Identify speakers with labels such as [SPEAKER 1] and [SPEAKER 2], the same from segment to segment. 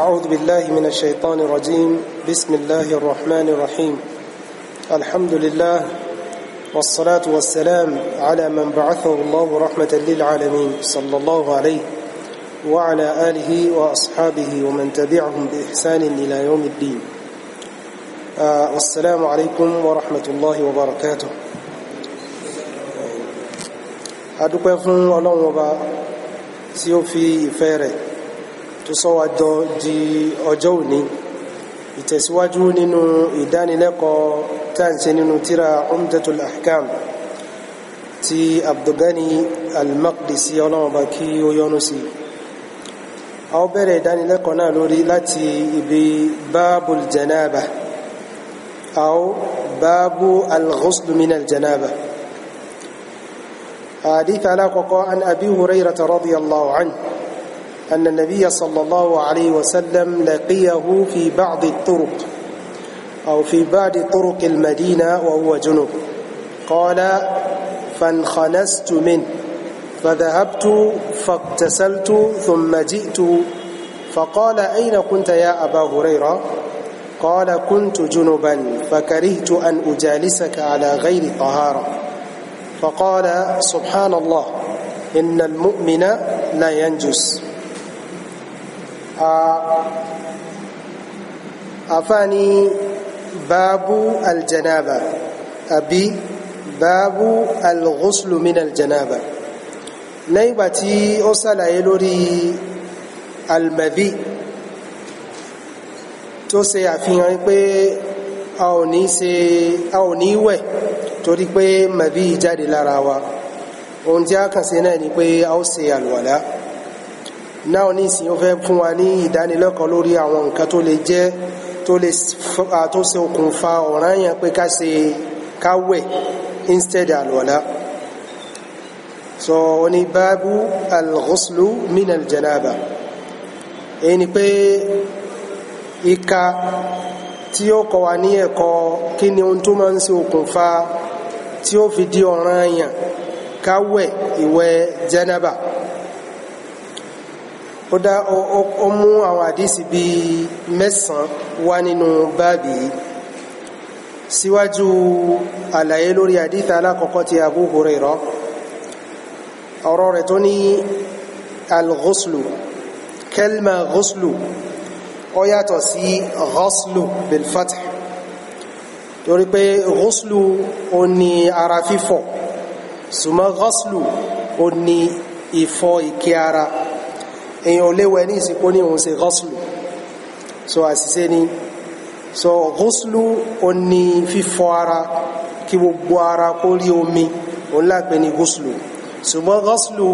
[SPEAKER 1] أعوذ بالله من الشيطان الرجيم بسم الله الرحمن الرحيم الحمد لله والصلاة والسلام على من بعثه الله رحمة للعالمين صلى الله عليه وعلى آله وأصحابه ومن تبعهم بإحسان إلى يوم الدين السلام عليكم ورحمة الله وبركاته أدوكم الله وبا سيوفي فيرت tó sọ wa di ọjọ́ òní ìtẹ̀síwájú nínú ìdánilẹ́kọ̀ọ́ tàǹsẹ̀ nínú tíra umdatul ahkam ti abdulgani al-maqdisi ọlọ́mọba kí ó yọ́nú sí a ó bẹ̀rẹ̀ ìdánilẹ́kọ̀ọ́ náà lórí láti ibi báàbùl janaba a ó báàbù al-ghusl min al-janaba حديث على عن أبي هريرة رضي الله عنه أن النبي صلى الله عليه وسلم لقيه في بعض الطرق أو في بعض طرق المدينة وهو جنوب قال فانخنست منه فذهبت فاغتسلت ثم جئت فقال أين كنت يا أبا هريرة قال كنت جنبا فكرهت أن أجالسك على غير طهارة فقال سبحان الله إن المؤمن لا ينجس àfáàní báábú aljanaba àbí báábú alghuslu min aljanaba lẹ́yìn ìgbà tí ó sàlàyé lórí almadhi tó ṣe àfihàn pé a ò ní ṣe a ò ní wẹ̀ torí pé madhi jáde lára wa ohun náà ni pé a ó ṣe àlùwàlá náà nísìnyí ó fẹ́ fún wa ní ìdánilẹ́kọ̀ọ́ lórí àwọn nǹkan tó lè jẹ́ tó lè tó ṣe okùnfà yẹn pé ká ṣe ká instead àlùwàlá so oní báàbù al-ghuslu min al-janaba èyí ni pé ìka tí ó kọ́ wa ní ẹ̀kọ́ kí ni ohun tó máa ń ṣe okùnfà tí ó fi di ọ̀ràn yẹn ká ìwẹ̀ janaba ó dá ó mú àwọn àdísì bíi mẹ́sàn-án wá nínú báàbì yìí síwájú àlàyé lórí àdísì alákọ̀ọ́kọ́ ti Abu Hurairah ọ̀rọ̀ rẹ̀ tó ní al-ghuslu kẹlma ghuslu ó yàtọ̀ sí ghuslu bilfath torí pé ghuslu ó ní ara fífọ̀ sùmọ́ ghuslu ó ní ìfọ̀ ìkẹ́ ara èèyàn ò léwẹ̀ ní ìsìnkú ní òun ṣe gọ́sùlù so àṣìṣe ni so gọ́sùlù ó ní fífọ ara kí gbogbo ara kó rí omi òun lápẹ́ ní gọ́sùlù ṣùgbọ́n gọ́sùlù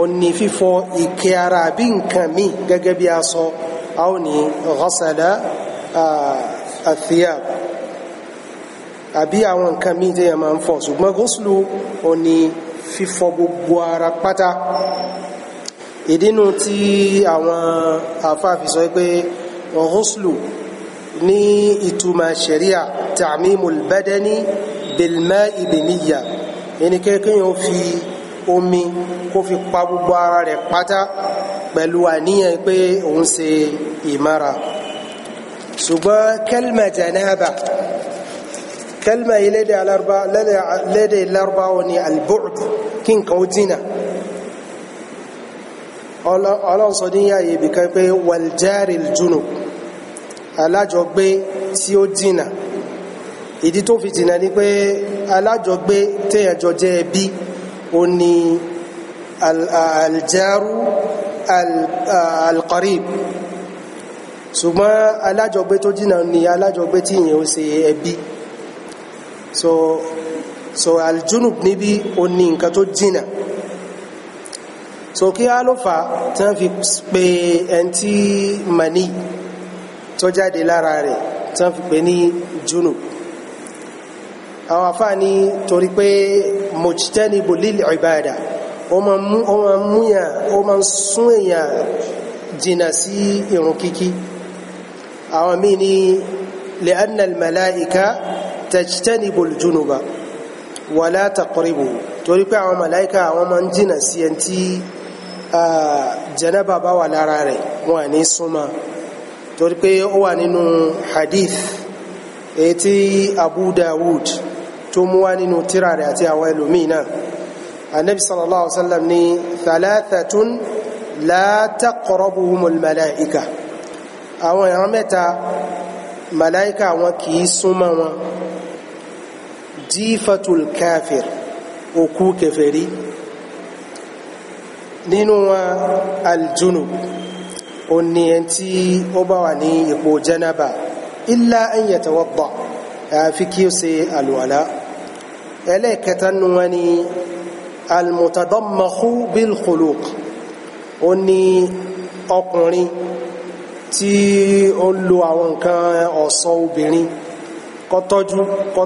[SPEAKER 1] ó ní fífọ ìkẹ́ ara àbí nǹkan míì gẹ́gẹ́ bí aṣọ a ó ní gọ́sàdá àfíà àbí àwọn nǹkan míì tẹ́yàn máa ń fọ ṣùgbọ́n gọ́sùlù ó ní fífọ gbogbo ara pátá ìdínú tí àwọn àfáà fi sọ pé ọ̀húnṣlù ní ìtumọ̀ ṣẹ̀ríà ta'mimul badani bil ma'i bi niyya ẹni kéèkéyàn ó fi omi kó fi pa gbogbo ara rẹ̀ pátá pẹ̀lú àníyàn pé òun ṣe ìmára ṣùgbọ́n kẹlmà janaba kẹlmà ilédè alárúbáwọ̀ ni albu'd kí nǹkan ó dínà ọlọ́run sọ ní ààyè ibìkan pé waljaril junub alájọgbé tí ó dínà ìdí tó fi dínà ni pé alájọgbé téèyànjọ jẹ́ ẹbí ó ní aljaru alqarib ṣùgbọ́n alájọgbé tó dínà ni alájọgbé tí ìyẹn ó ṣe ẹbí so so aljunub níbi ó ní nǹkan tó dínà. So, so kí á ló fà tí wọ́n fi pe ẹni tí mani tó jáde lára rẹ̀ tí wọ́n fi pe ní junub àwọn afáàní torí pé mujtanibu lil ibada ó máa mú ó máa sún èèyàn jìnnà sí irun kíkí àwọn míì ní li'anna al-malaika tajtanibu al-junuba wala taqribu torí pé àwọn màláìka àwọn máa ń jìnnà sí ẹni tí janaba bá wà lára rẹ̀ wọn ní súnmọ́ torí pé ó wà nínú hadith èyí tí Abu Dawud tó mú wá nínú tírà rẹ̀ àti àwọn ẹlòmíì náà anabi sallallahu alaihi wa sallam ní thalathatun la taqrabuhumul malaika àwọn èèyàn mẹ́ta malaika wọn kì í wọn jífatul káfir òkú kèfèrí nínú wọn aljunub ó ní ẹni tí ó bá wà ní ipò janaba illa an yatawadda àfi kí ó ṣe àlùwàlá ẹlẹ́ẹ̀kẹta nínú wọn ni almutadammakhu bilkhuluq ó ní ọkùnrin tí ó ń lo àwọn nǹkan ọ̀ṣọ́ obìnrin kó tọ́jú kó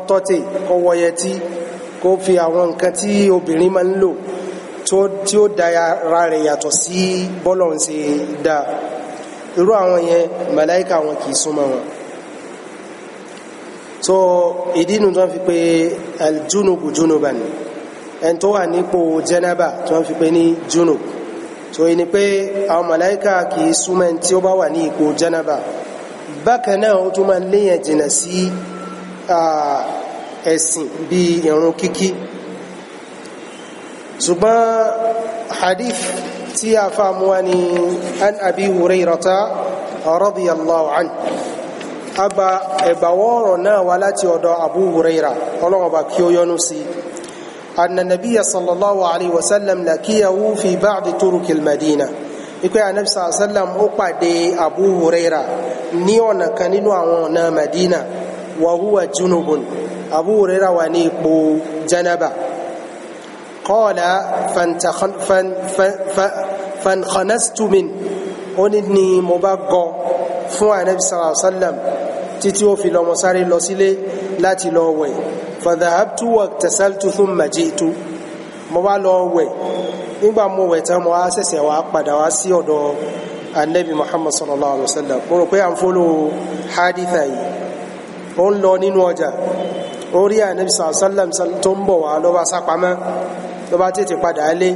[SPEAKER 1] kó fi àwọn nǹkan tí obìnrin máa ń lò tí ó da ara rẹ̀ yàtọ̀ sí bọ́lọ̀ ń ṣe dá irú àwọn yẹn màláìka wọn kì í súnmọ́ wọn so ìdí inú tó ń fi pé aljunubu junuban ẹni tó wà nípò jẹnaba tó ń fi pé ní junub so ẹni pé àwọn màláìka kì í súnmọ́ ẹni tí ó bá wà ní ipò jẹnaba bákan náà ó tún máa léyìn jìnnà sí ẹ̀sìn bíi ìrun kíkí ṣùgbọ́n hadith tí a fa mú wa ni an abi hurairata radiyallahu anhu agba ẹ̀bàwọ́rọ̀ náà wá láti ọ̀dọ̀ abu huraira ọlọ́wọ́ bá kí ó yọ́nú sí anna nabiya sallallahu alaihi wasallam lakiyahu fi ba'di turukil madina ikú ya nabi sallam ó pàdé abu huraira ní ọ̀nà kan nínú àwọn ọ̀nà madina wa huwa junubun abu huraira wà ní ipò janaba قال فانخنست من onídìní mo bá gọ fún ànábì sallallahu alaihi wasallam títí ó fi lọ mo sáré lọ sílé láti lọ wẹ̀ fadhahabtu waktasaltu thumma ji'tu mo bá lọ wẹ̀ nígbà mo wẹ̀ tán mo á ṣẹ̀ṣẹ̀ wá padà wá sí ọ̀dọ̀ ànábì muhammad sallallahu alaihi wasallam mo rò pé à ń fọ́lọ́ haditha yìí ó ń lọ nínú ọjà ó rí ànábì sallallahu alaihi wasallam tó ń bọ̀ wá lọ́wọ́ sápamọ́ tó bá tètè padà lé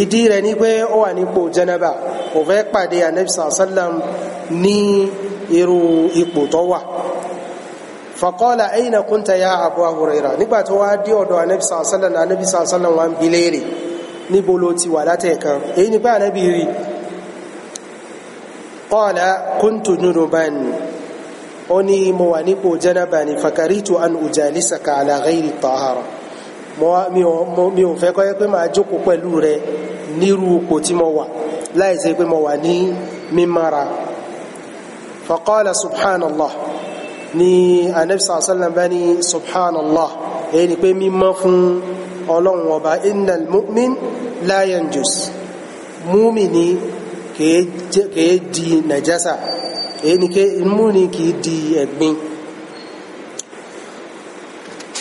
[SPEAKER 1] ìdí rẹ̀ ni pé ó wà nípò jẹnẹba kò fẹ́ pàdé anabi sàlám ní irú ipò tó wà faqala ayna kunta ya abu huraira nígbà tó wá dé ọ̀dọ̀ anabi sàlám anabi sàlám wà ń bi léèrè níbo ló ti wà látẹ̀kan mi ò fẹ́ kọ́ yẹ pé máa jókòó pẹ̀lú rẹ nírú ipò tí mo wà láìsí pé mo wà ní mímára faqala subhanallah ni anabisa asalam bá ní subhanallah èyí ni pé mímọ́ fún ọlọ́run ọba innal mu'min la yanjus múmìnì kìí di nàjásà èyí ni pé múmìnì kìí di ẹ̀gbin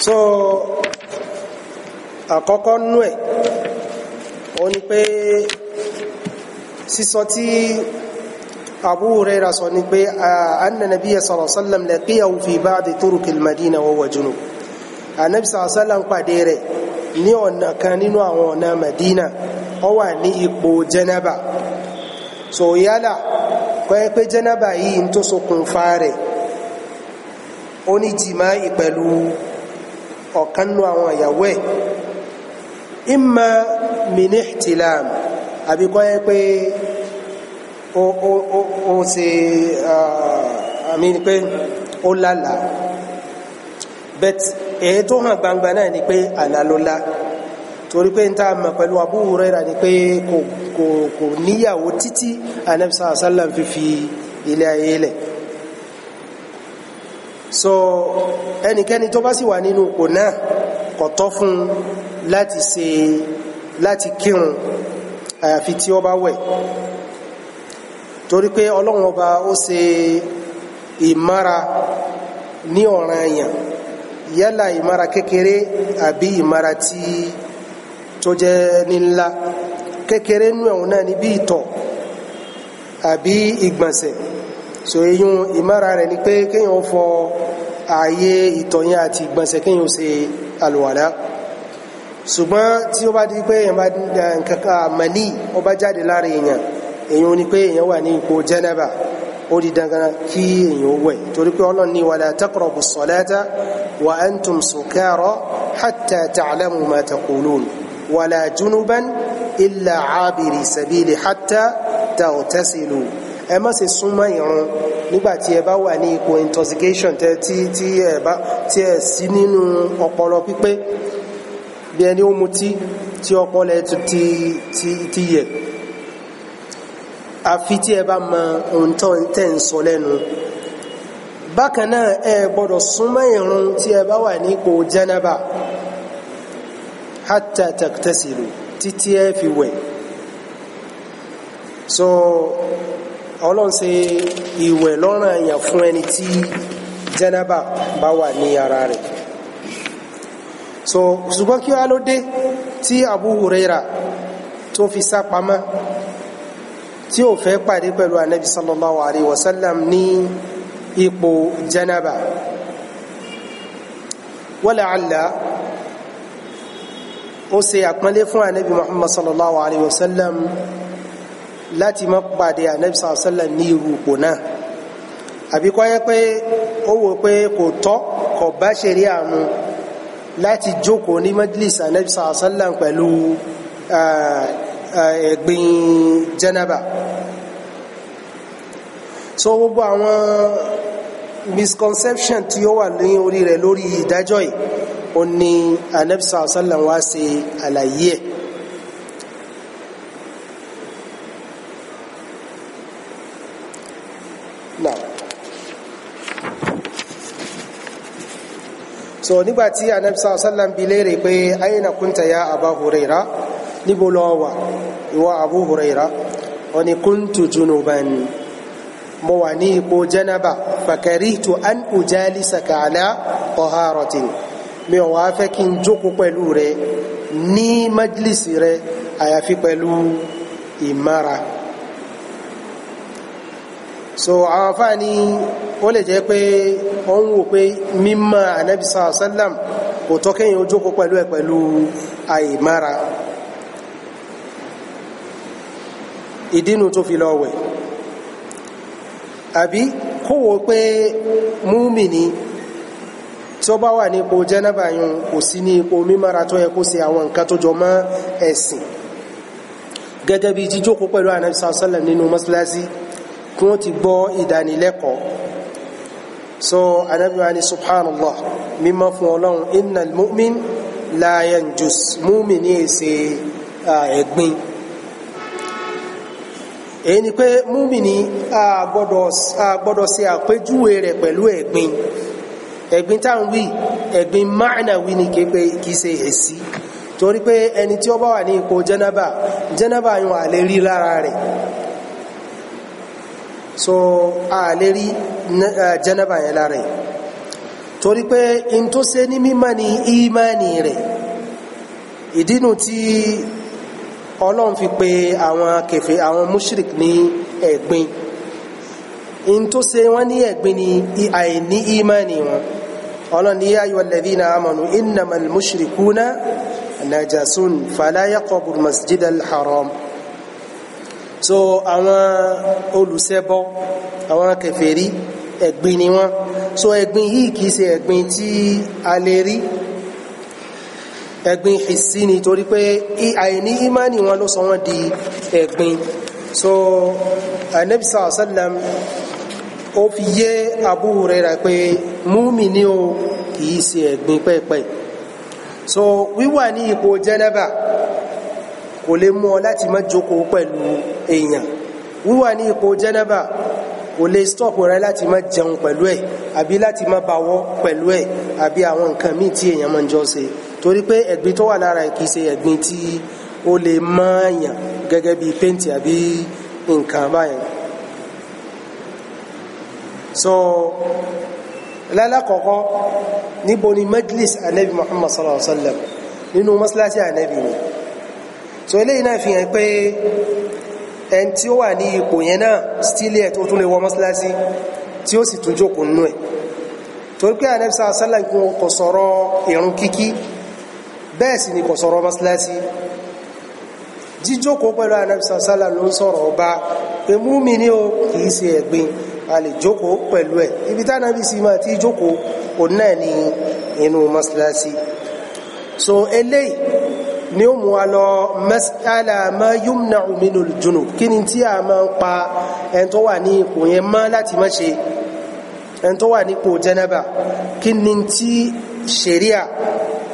[SPEAKER 1] so àkọ́kọ́ nú ẹ̀ ó ní pé sísọ tí Abu Hurairah sọ ni pé anna nabiyya sallallahu alaihi wasallam laqiyahu fi ba'di turukil madina wa huwa junub anabi sallallahu alaihi wasallam pàdé rẹ̀ ní ọ̀nà kan nínú àwọn ọ̀nà Madina ó wà ní ipò jẹnaba so yálà kọ́yẹ́ pé jẹnaba yìí tó ṣokùnfà rẹ̀ ó ní jìmá ìpẹ̀lú ọ̀kan nínú àwọn ìyàwó ẹ̀ Ima min ihtilam àbí kọ́ yẹ pé ó ó ó ó ṣe àmì uh, ni pé ó lálà bet èyí tó hàn gbangba náà ni pé àlá ló lá torí pé n ta mọ̀ pẹ̀lú Abu Hurairah ni pé kò níyàwó títí Ànábì sallallahu fífi ilé ayé lẹ̀ so ẹnikẹ́ni tó bá sì wà nínú ipò náà kò fún láti ṣe láti kírun àyàfi tí ó bá wẹ̀ torí pé ọlọ́run ọba ó ṣe ìmára ní ọ̀ràn èèyàn yálà ìmára kékeré àbí ìmára tí tó jẹ́ nílá kékeré nú ẹ̀hún náà ní bí ìtọ̀ àbí ìgbọ̀nsẹ̀ so eyín ìmára rẹ̀ ni pé kéèyàn fọ ààyè ìtọ̀ yẹn àti ìgbọ̀nsẹ̀ kéèyàn ṣe àlùwàlá ṣùgbọ́n tí ó bá di pé èèyàn bá eh, nǹkan kan àmàlì ó bá jáde lára èèyàn èèyàn ni pé èèyàn wà ní ipò jẹ́nẹ́bà ó di dandan kí èèyàn wẹ̀ torí pé ọlọ́run ní wala taqrabu salata wa antum sukara hatta ta'lamu ma taqulun wala junuban illa abiri sabili hatta taghtasilu ẹ má ṣe súnmọ́ ìrun nígbàtí ẹ bá wà ní ipò intoxication tí ẹ sí nínú ọpọlọ pípé bí ẹni ó mutí tí ọpọlọ ẹ ti ti ti yẹ àfi tí ẹ bá mọ ohun tó ń tẹ̀ ń sọ lẹ́nu bákan náà ẹ gbọ́dọ̀ súnmọ́ ìrun tí ẹ bá wà nípò jẹ́nàbà hátà tẹ̀kítẹ́sìlò títí ẹ fi wẹ̀ so ọlọ́run ṣe ìwẹ̀ lọ́ranyàn fún ẹni tí jẹ́nàbà bá wà ní ara rẹ̀ so ṣùgbọ́n kí wá ló dé tí Abu Huraira tó fi sá pamọ́ tí ó fẹ́ pàdé pẹ̀lú anabi sallallahu alayhi wa sallam ní ipò janaba wala ala ó ṣe àpọ́nlé fún anabi muhammad sallallahu alayhi wa sallam láti má pàdé anabi sallallahu alayhi wa sallam ní irú àbíkọ́ yẹ pé ó wò pé kò tọ́ kò bá ṣe rí àmú láti jókòó ní majlis anabi sàásánlá pẹ̀lú ẹ̀gbin jẹ́nàbà so gbogbo àwọn misconception tí ó wà ní orí rẹ̀ lórí ìdájọ́ yìí ó ní anabi sàásánlá wá ṣe àlàyé ẹ̀ so nígbàtí anabi sallallahu alayhi wa sallam bi léèrè pé ayna kunta ya aba hurayra níbo lọ wà ìwọ abu hurayra ó ní kuntu junuban mo wà ní ipò janaba fakarihtu an ujalisaka ala taharatin mi ò wá fẹ́ kí n jókòó pẹ̀lú rẹ ní majlisi rẹ àyàfi pẹ̀lú ìmára so àwọn afáàní ó lè jẹ́ pé ó ń wò pé mímọ̀ ànábì sàlám kò tọ́ kéèyàn ojókòó pẹ̀lú ẹ̀ pẹ̀lú àìmára ìdínú tó fi lọ wẹ̀ àbí kó wo pé múmìnì tí ó bá wà ní ipò jẹ́nàbà yun kò sí ní ipò mímára tó yẹ kó ṣe àwọn nǹkan tó jọ mọ́ ẹ̀sìn gẹ́gẹ́ bí jíjókòó pẹ̀lú ànábì sàlám nínú mọ́sálásí kí wọ́n ti gbọ́ ìdánilẹ́kọ̀ọ́ so anabi wa ni subhanallah mímọ́ fun ọlọ́run innal mu'min la yanjus mu'min ní èsè ẹ̀gbin èyí ni pé mu'min ní àgbọ́dọ̀ ṣe àpéjúwe rẹ̀ pẹ̀lú ẹ̀gbin ẹ̀gbin egbin. Egbin taa ẹ̀gbin egbin wí ni képe kì í esi. èsì torí pé ẹni tí ó bá wà ní ipò jẹ́nàbà jẹ́nàbà yóò àlè rí so a lè rí jẹ́nàbà yẹn lára ẹ̀ torí pé in tó ṣe ní mímọ́ ni ìmánì rẹ̀ ìdínú tí ọlọ́run fi pe àwọn kẹfẹ́ àwọn mushrik ní ẹ̀gbin in tó ṣe wọ́n ní ẹ̀gbin ni àìní ìmánì wọn ọlọ́run ní ayọ̀ alladhina amanu innamal mushrikuna najasun fala yaqrabu masjidal haram so àwọn olùṣẹbọ àwọn kèfèrí ẹ̀gbin ni wọ́n so ẹ̀gbin yìí kìí ṣe ẹ̀gbin tí a lè rí ẹ̀gbin hìsí ni torí pé àìní ìmánì wọn ló sọ wọ́n di ẹ̀gbin so anabi sallallahu alaihi ó fi yé Abu Huraira pé mùmínì o kìí ṣe ẹ̀gbin pẹ́ẹ̀pẹ́ẹ̀ so wíwà ní ipò jẹ́nẹ́bà kò lè mú ọ láti má jókòó pẹ̀lú èèyàn wíwà ní ipò jẹ́nẹ́bà kò lè stop rẹ láti má jẹun pẹ̀lú ẹ̀ àbí láti má bawọ́ pẹ̀lú ẹ̀ àbí àwọn nǹkan míì tí èèyàn máa ń jọ ṣe torí pé ẹ̀gbin tó wà lára ẹ̀ kìí tí ó lè mọ́ọ̀yàn gẹ́gẹ́ bí péǹtì àbí nǹkan báyẹn so lálàkọ̀ọ́kọ́ níbo ni majlis anabi muhammad sallallahu alaihi wa sallam nínú mọ́sálásí anabi ni so eléyìí náà fi hàn pé ẹni tí ó wà ní ipò yẹn náà stílẹ̀ tó tún lè wọ mọ́sálásí tí ó sì tún jókòó nínú ẹ̀ torí pé ànẹ́bísà sálà kò sọ̀rọ̀ ìrun kíkí bẹ́ẹ̀ sì ni kò sọ̀rọ̀ mọ́sálásí jíjókòó pẹ̀lú ànẹ́bísà sálà ló ń sọ̀rọ̀ ọba pé múmi ní o kìí ṣe ẹ̀gbin a lè jókòó pẹ̀lú ẹ̀ ibi tánàbí sì máa ti jókòó òun náà ni inú mọ́sálásí so eléyìí ni ó mú wa lọ mẹ́sàlá máa yúmnà òmìnà jùnú kí ni tí a máa ń pa ẹni tó wà ní ipò yẹn mọ́ láti má ṣe ẹni tó wà ní ipò jẹ́nẹ́bà kí ni tí ṣẹ̀ríà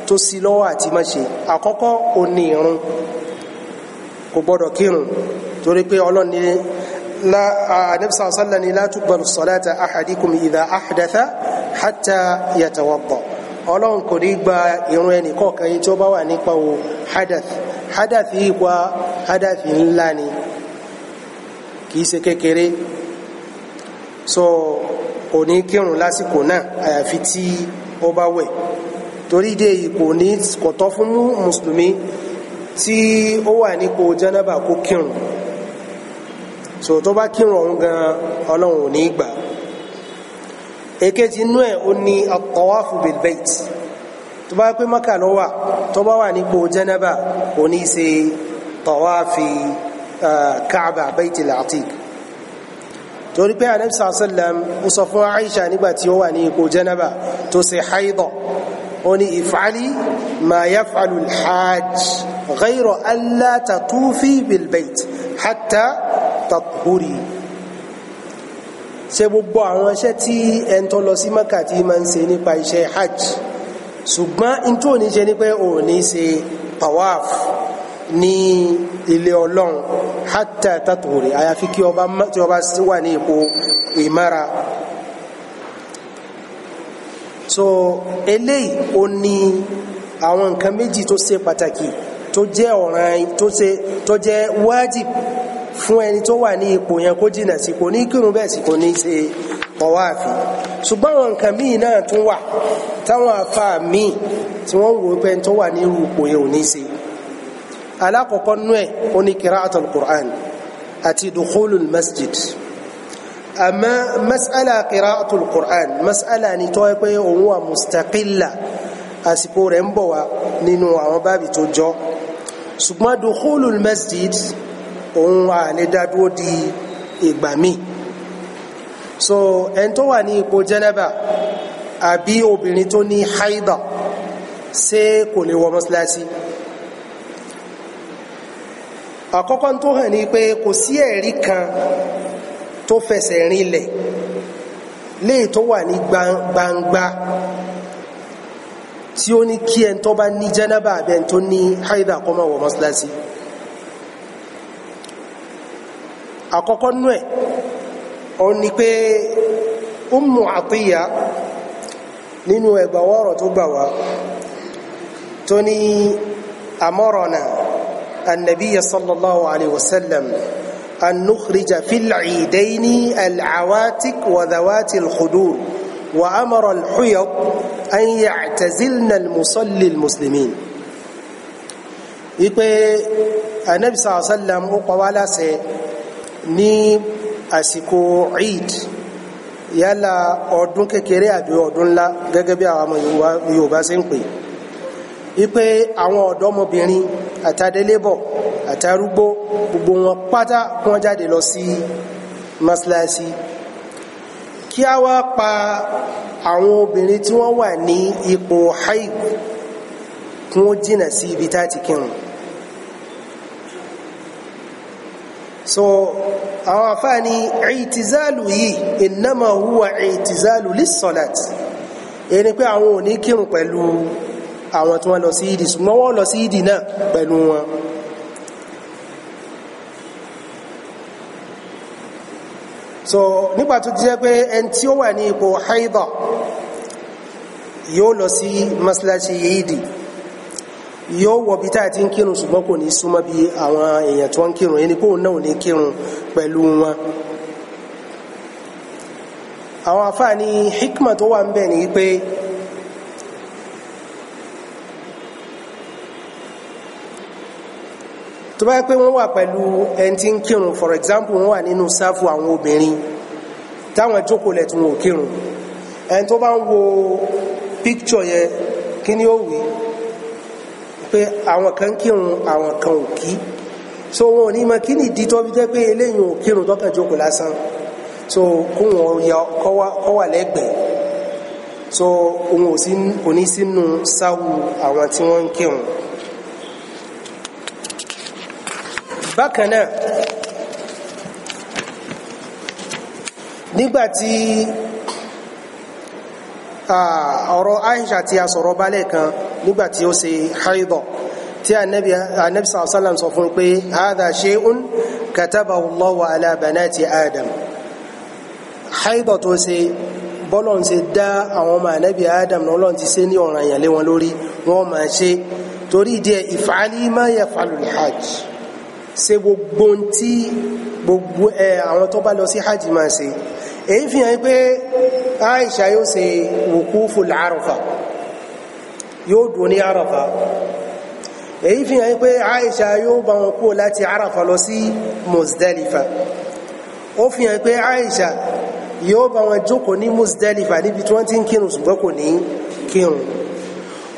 [SPEAKER 1] tó sí lọ́wọ́ àti má ṣe àkọ́kọ́ ò ní ìrun kò gbọ́dọ̀ kírun torí pé ọlọ́ni látúgbọ̀lù sọ́láta ọlọ́run kò ní gba irun ẹnì kọ̀ọ̀kan yìí tí ó bá wà nípa o hadath hadath yìí wá ńlá ni kìí ṣe kékeré so kò ní kírun lásìkò náà àyàfi tí ó bá wẹ̀ torí dé yìí kò ní kò tọ́ fún mùsùlùmí tí ó wà nípo jánábà kó kírun so tó bá kírun ọ̀hún gan ọlọ́run ò ní gbà èkejì inú ẹ̀ ó ní at-tawafu bil-bayt tó bá pé maka ló wà tó bá wà nípò jẹ́nẹ́bà ó ní ṣe tawafi káàbà baytil atiq torí pé anabi sàlám ó sọ fún aisha nígbà tí ó wà ní ipò jẹ́nẹ́bà tó ṣe haidọ̀ ó ní if'ali ma yaf'alu al-hajj ghayra alla tatufi bil-bayt hatta tathuri ṣe gbogbo àwọn iṣẹ́ tí ẹn tó lọ sí Mẹ́kà tí máa ń se nípa iṣẹ́ hajj ṣùgbọ́n in tó ní ṣe ní pé ò ní ṣe tawaf ní ilé ọlọ́run hatta tatòrè àyàfi kí ọba tí ọba wà ní ipò ìmára so eléyìí ó ní àwọn nǹkan méjì tó ṣe pàtàkì tó jẹ́ ọ̀ràn tó jẹ́ wájib fún ẹni tó wà ní ipò yẹn kó jìnà sí kò ní kírun bẹ́ẹ̀ sì kò ní ṣe tọ̀wáàfì ṣùgbọ́n àwọn nǹkan míì náà tún wà táwọn afa míì tí wọ́n wò pé tó wà ní ipò yẹn ò ní ṣe alákọ̀ọ́kọ́ nú ẹ̀ ó ní qira'at al-Qur'an àti dukhulul masjid àmọ́ mas'ala qira'at al-Qur'an mas'ala ni tó yẹ pé òun wà mustaqilla àsìkò rẹ̀ ń bọ̀ wá nínú àwọn báàbì tó jọ ṣùgbọ́n dukhulul masjid òun wà lè dá di ìgbà míì so ẹn tó wà ní ipò jẹ́nẹ́bà àbí obìnrin tó ní haida ṣé kò lè wọ mọ́sálásí àkọ́kọ́ tó hàn ní pé kò sí ẹ̀rí kan tó fẹsẹ̀ rinlẹ̀ léè tó wà ní gbangba tí ó ní kí ẹn tó bá ní jẹ́nẹ́bà àbí tó ní haida kó wọ mọ́sálásí. àkọ́kọ́ nú ẹ̀ ó ní pé Ummu Atiya nínú ẹgbàwọ́ ọ̀rọ̀ tó gbà wá tó ní amọ́rọ̀nà annabiya sallallahu alaihi wasallam an nukhrija fil idaini al'awatik wa dhawati al-khudur wa amara al-huyad an ya'tazilna al-musalli ipe anabi sallallahu alaihi wasallam ó pa wá láṣẹ ní àsìkò eid yálà ọdún kékeré àbí ọdún ńlá gẹ́gẹ́ bí àwọn ọmọ yorùbá ṣe ń pè wípé àwọn ọ̀dọ́mọbìnrin àtàdélébọ̀ àtàrúgbó gbogbo wọn pátá wọn jáde lọ sí mọ́sálásí kí a wá pa àwọn obìnrin tí wọ́n wà ní ipò haig kí jìnà sí ibi tá ti kírun so àwọn afáàní ìtìzálù yìí innama huwa ìtìzálù lissalat èyí ni pé àwọn ò ní kírun pẹ̀lú àwọn tí wọ́n lọ sí ìdì ṣùgbọ́n wọ́n lọ sí ìdì náà pẹ̀lú wọn so nígbà tó ti jẹ́ pé ẹni tí ó wà ní ipò haida yóò lọ sí maslachi ìdì yóò wọ bí táyà ti ń kírun ṣùgbọ́n kò ní súnmọ́ bí àwọn èèyàn tí wọ́n ń kírun ẹni kóun náà ò ní kírun pẹ̀lú wọn àwọn àfáàní hikma tó wà ń bẹ̀ ni pé tó bá pé wọ́n wà pẹ̀lú ẹni tí ń kírun for example wọ́n wà nínú sáfù àwọn obìnrin táwọn jókòó lẹ̀ tí wọn ò kírun ẹni tó bá ń wo picture yẹn kí ni ó wí pé àwọn kan kírun àwọn kan ò kí so wọn ò ní mọ kí ni ìdí tó fi jẹ́ pé eléyìí ò kírun tó kàn lásán so kó wọn yọ kó wà lẹ́gbẹ̀ẹ́ so òun ò ní sínú sáwù àwọn tí wọ́n ń kírun bákan náà nígbàtí ọ̀rọ̀ Aisha tí a sọ̀rọ̀ bálẹ̀ kan nígbà tí ó ṣe haidọ̀ tí anabi sallallahu alaihi wasallam sọ fún pé hadha shay'un katabahu Allahu ala banati adam haidọ̀ tó ṣe bọ́lọ̀ ń ṣe dá àwọn ọmọ anabi adam náà lọ́n ti ṣe ní ọ̀ràn àyànlé wọn lórí wọ́n máa ṣe torí ìdí ẹ̀ ìfàálí máa yẹ fàlùlì hajj ṣe gbogbo tí gbogbo ẹ àwọn tó bá lọ sí hajj máa ṣe èyí fi hàn pé Aisha yóò ṣe wukufu l'Arafah yóò dùn ní àràfà èyí fi hàn pé Aisha yóò bá wọn kú láti àràfà lọ sí Muzdalifa ó fi hàn pé Aisha yóò bá wọn jókòó ní Muzdalifa níbi tí wọ́n ti ń kírun ṣùgbọ́n kò ní kírun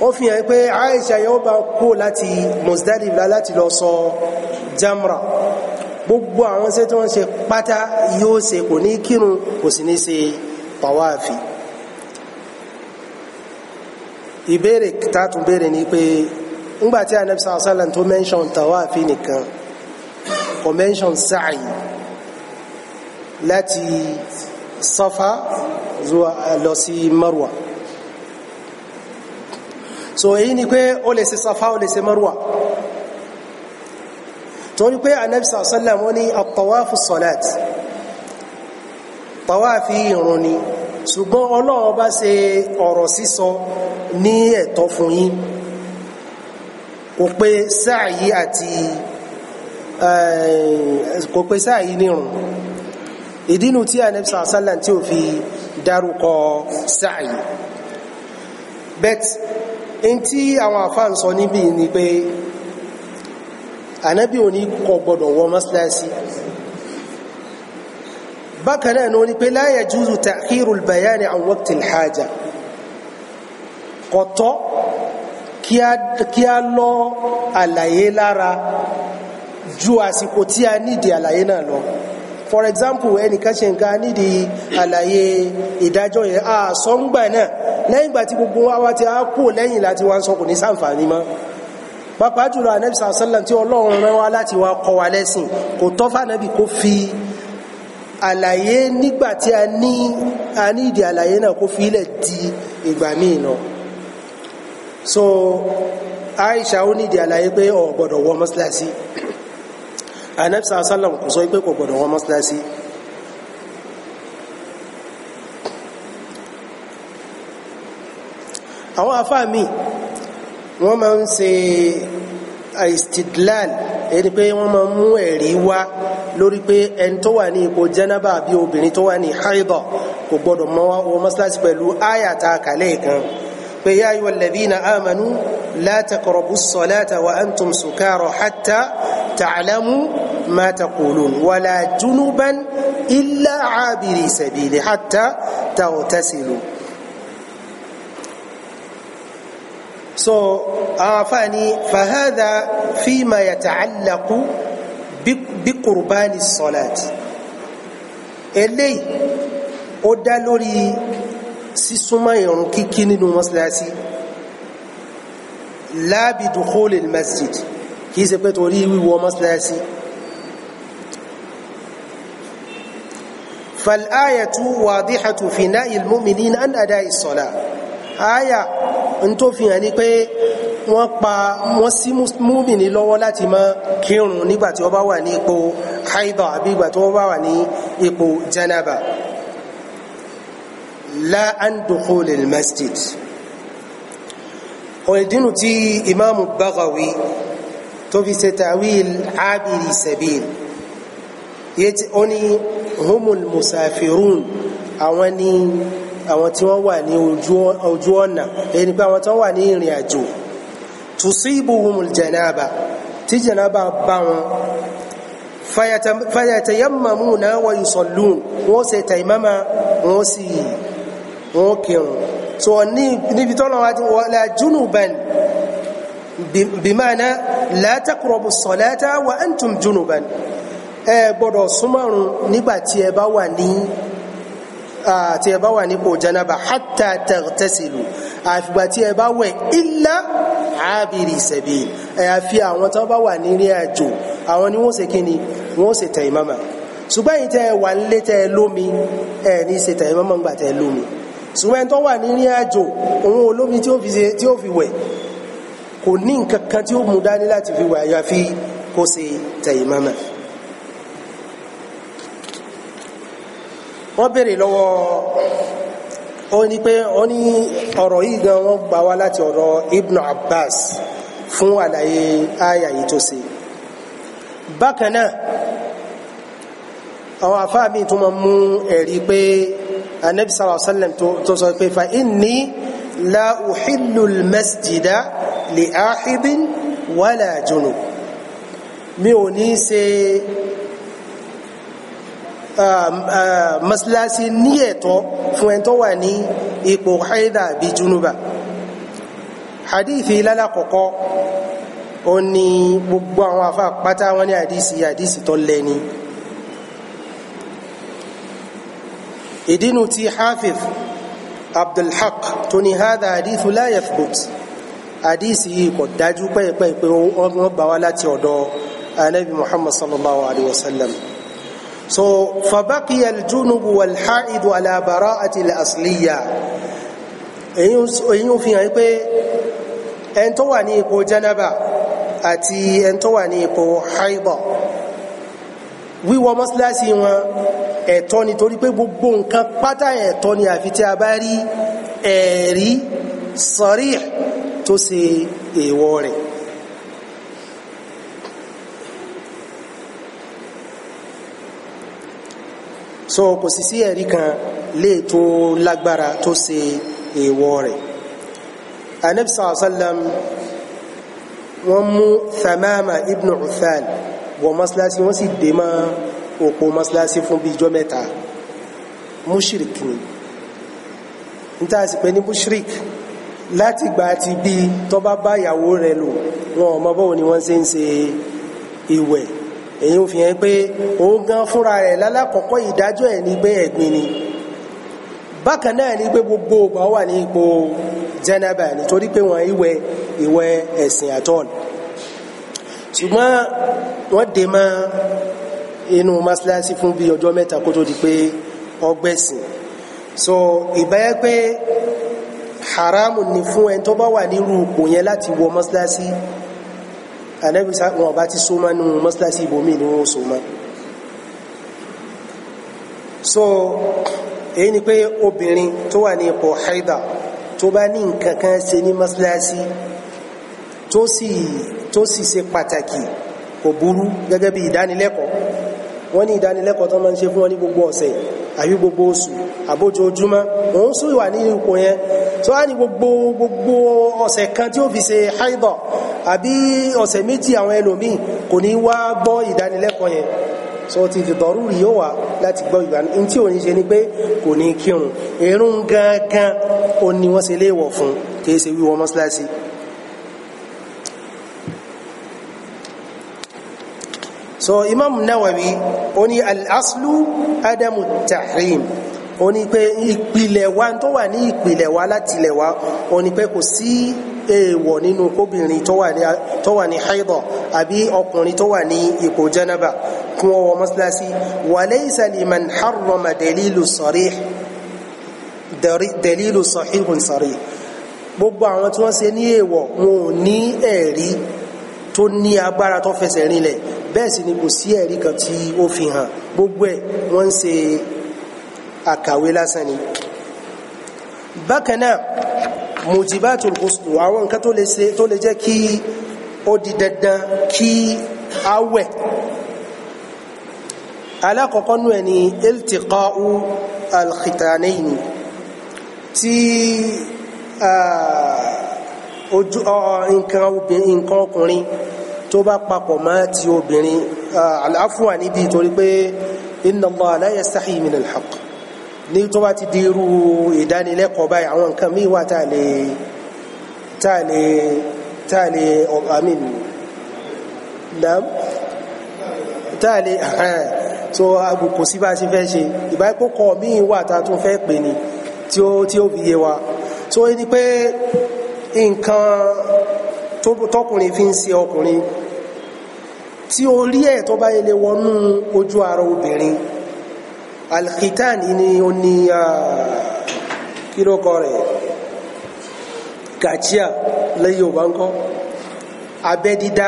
[SPEAKER 1] ó fi hàn pé Aisha yóò bá kú láti Muzdalifa láti lọ sọ jamra gbogbo àwọn ṣe tí wọ́n ṣe pátá yóò ṣe kò ní kírun kò sì ní ṣe tawaafi ìbéèrè tààtù béèrè ni pé ńgbàtí anabi sallallahu alaihi wasallam tó mention tawáàfi nìkan kò mention sa'i láti safa zuwa lọ sí marwa so èyí ni pé ó lè ṣe safa ó lè ṣe marwa torí pé anabi sallallahu alaihi wasallam ó ní at-tawafu as ni ṣùgbọ́n ọlọ́run bá ṣe ọ̀rọ̀ sísọ ní ẹ̀tọ́ fún yín kò pé sáàyí àti eh, kò pé sáàyí nírun ìdínú tí Ànábì sàásálàn tí ò fi dárúkọ sáàyí bet in tí àwọn àfáà ń sọ níbi ni pé Ànábì òní kò gbọdọ̀ wọ mọ́sálásí bákan náà ni wọ́n ní pé la yajuzu ta'khiru al-bayan an waqti kọ̀tọ́ kí a lọ àlàyé lára ju àsìkò tí a nídìí àlàyé náà lọ for example ẹnìkan ṣe nǹkan nídìí àlàyé ìdájọ́ yẹn a sọ ń gbà náà lẹ́yìn ìgbà tí gbogbo wa ti á kú lẹ́yìn láti wá ń sọ kò ní sáǹfààní mọ́ pàápàá jùlọ ànábì sàlẹ̀ tí ọlọ́run rán wa láti wa lẹ́sìn kò tọ́ àlàyé nígbà tí a ní a ní ìdí àlàyé náà kó fílẹ̀ di ìgbà míì náà so Aisha ó ní ìdí àlàyé pé ó gbọ́dọ̀ wọ mọ́sálásí anabisa asalam kò sọ pé kò gbọ́dọ̀ wọ mọ́sálásí àwọn afáàmì wọ́n máa ń ṣe àìstidlal èyí pé wọ́n máa mú ẹ̀rí wá lórí pé ẹni tó wà ní ipò jẹ́nàbà àbí obìnrin tó wà ní haidọ̀ kò gbọ́dọ̀ mọ́ wọ mọ́sálásí pẹ̀lú áyàtà kàlẹ́ kan pé yá ayọ̀ alladhina amanu la taqrabus salata wa antum sukara hatta ta'lamu ma taqulun junuban illa abiri sabili hatta taghtasilu. so àfààní fàhádà fíìmà yàtàálàkú bí kùrbáni sọ̀láàtì eléyìí ó dá lórí sísúnmọ́ ìrun kíkí nínú mọ́sálásí láàbì dùkúlì masjid kìí ṣe pé torí فالآية واضحة في نهي المؤمنين أن أداء الصلاة آية ń tó fi hàn ní pé wọ́n pa wọ́n sí múmìnì lọ́wọ́ láti mọ kírun nígbà tí wọ́n bá wà ní ipò haidọ̀ àbí ìgbà tí wọ́n bá wà ní ipò janaba la masjid ọ̀rẹ́dínú tí imáàmù Baghawi tó fi ṣe tàwíl ábìrì sabil yẹ́ ó ní humul musafirun àwọn ni àwọn tí wọ́n wà ní ojú ọ̀nà èyí ni pé àwọn tí wọ́n wà ní ìrìn àjò tusibuhumul janaba tí janaba bá wọn fayatayammamuna wa yusallun wọ́n ṣe taimama wọ́n sì wọ́n kírun so níbi tọ́lọ́ wa wala junuban bimana la taqrabu salata wa antum junuban ẹ gbọ́dọ̀ súnmọ́run nígbà ẹ bá wà ní tí ẹ bá wà nípò janaba hatta tagtasilu àfìgbà tí ẹ bá wẹ̀ illa abiri sabil ẹ̀ àfi àwọn tó bá wà nílé àjò àwọn ni wọ́n ṣe kíni wọ́n ṣe taimama ṣùgbọ́n èyí tẹ́ ẹ wà nílé tẹ́ ẹ lómi ẹ̀ ní ṣe taimama ńgbà tẹ́ ẹ lómi ṣùgbọ́n tó wà nílé àjò òun olómi tí ó fi wẹ̀ kò ní nǹkan kan tí ó mú dání láti fi wẹ̀ àyàfi kó ṣe taimama. wọ́n béèrè lọ́wọ́ ó ní pé ó ní ọ̀rọ̀ yìí gan wọ́n gbà wá láti ọ̀rọ̀ Ibn Abbas fún àlàyé àyà yìí tó ṣe bákan náà àwọn àfáà mi tún máa mú ẹ̀rí pé anabi sallallahu alayhi wa sallam tó sọ pé fa inni la uhillu masjida li ahibin wala junub mi ò ní ṣe. Um, um, masilasi ní ẹ̀tọ́ fún ẹni tó wà ní ipò haida bí junuba hadithi lálàkọ̀kọ́ ó ní gbogbo àwọn afa pátá wọn ní hadisi hadisi tó lẹ́ni ìdínú ti hafiz abdulhaq tó ní hada hadithu la yathbut hadisi yìí kò dájú pẹ́ẹ̀pẹ́ẹ̀ wọ́n gbà láti ọ̀dọ̀ anabi muhammad sallallahu alaihi wasallam. sallam so fabaki aljunubu walhaidu ala bara'ati al-asliya èyí ò fi hàn pé ẹn tó wà ní ipò janaba àti ẹn tó wà ní ipò haibọ wíwọ mọ́síláṣí wọn ẹ̀tọ́ ni torí pé gbogbo nǹkan pátá ẹ̀tọ́ ni àfi tí a bá rí ẹ̀rí sọ̀rí tó ṣe èèwọ̀ rẹ̀ so kò sì sí ẹ̀rí kan lè tó lágbára tó ṣe èèwọ̀ rẹ̀ anabi sallam wọ́n mú thamama ibn uthan wọ masilasi wọ́n sì dè mọ́ òpó masilasi fún bí ijọ́ mẹ́ta mushrik ni níta sì pé ní mushrik láti gba ti bí tó bá bá ìyàwó lò wọn ò mọ ni wọ́n ṣe ń ṣe ìwẹ̀ èyí ò fi hàn pé òun gan fúnra rẹ̀ lálákọ̀ọ́kọ́ ìdájọ́ ẹ̀ ní pé ẹ̀gbin ni bákan náà ni pé gbogbo ọgbà wà ní ipò jẹnẹbà nítorí pé wọn ìwẹ̀ ìwẹ̀ ẹ̀sìn àtọ́ọ̀lù ṣùgbọ́n wọ́n dè mọ́ inú mọ́sálásí fún bí ọjọ́ mẹ́ta kó tó di pé ọgbẹ́sìn so ìbáyẹ pé haramu ni fún ẹni tó bá wà nírú ipò yẹn láti wọ mọ́sálásí anabi sa wọn bá ti soma nu mọ́sálásí ibòmí ni wọ́n soma so èyí ni pé obìnrin tó wà ní ipò haida tó bá ní nǹkan kan ṣe ní mọ́sálásí tó sì tó sì ṣe pàtàkì kò burú gẹ́gẹ́ bí ìdánilẹ́kọ̀ọ́ wọ́n ní ìdánilẹ́kọ̀ọ́ tó máa ń ṣe fún wọn ní gbogbo ọ̀sẹ̀ àbí gbogbo oṣù àbójoojúmọ́ òun sì wà ní ipò yẹn tó wá ní gbogbo gbogbo ọ̀sẹ̀ kan tí ó fi ṣe haida àbí ọ̀sẹ̀ méjì àwọn ẹlòmíì kò ní wá gbọ́ ìdánilẹ́kọ̀ọ́ yẹn so ti fi dọ̀rúurì yóò wá láti gbọ́ ìdánilẹ́kọ̀ọ́ yẹn tí ò ní ṣe ni pé kò ní kírun irun gangan ó ní wọ́n ṣe léèwọ̀ fún kìí ṣe wíwọ mọ́ṣáláṣí. so imam Nawawi ó ní al-aslu adamu tahrim ó ní pé ìpìlẹ̀ wa tó wà ní ìpìlẹ̀ wa látilẹ̀ wa ó ní pé kò sí èèwọ̀ nínú kóbìnrin tó wà ní haidọ̀ àbí ọkùnrin tó wà ní ipò jẹ́nàbà kún ọwọ́ mọ́síláṣí wa laysa liman harrama dalilu sarih dalilu sahihun sarih gbogbo àwọn tí wọ́n ṣe ní èèwọ̀ wọn ò ní ẹ̀rí tó ní agbára tó fẹsẹ̀ rinlẹ̀ bẹ́ẹ̀ sì ni kò sí ẹ̀rí kan tí ó fi hàn gbogbo ẹ̀ wọ́n ń àkàwé lásán ni bákan náà mujibatul ghusl àwọn nǹkan tó lè ṣe tó lè jẹ́ kí ó di dandan kí a wẹ̀ alákọ̀ọ́kọ́ nú ẹ̀ ni iltiqa'u alkhitanayn tí ojú nǹkan obìnrin nǹkan ọkùnrin tó bá papọ̀ mọ́ ti obìnrin àláfùwà níbi torí pé inna Allah la yastahi ní tó bá ti di irú ìdánilẹ́kọ̀ọ́ báyìí àwọn nǹkan míì wà tá a lè tá a lè tá a lè amin naam tá a so agbòkò sí bá a ti fẹ́ ṣe ìbáyìpọ̀kọ̀ míì wà tá a tún fẹ́ pè ní tí ó tí wa so ni pé nǹkan tọkùnrin fi ń ṣe ọkùnrin tí orí ẹ̀ tó bá yẹ wọnú ojú ara obìnrin alkhitan ni ó ní kílókọ rẹ̀ kàchíà lẹ́yìn Yorùbá ń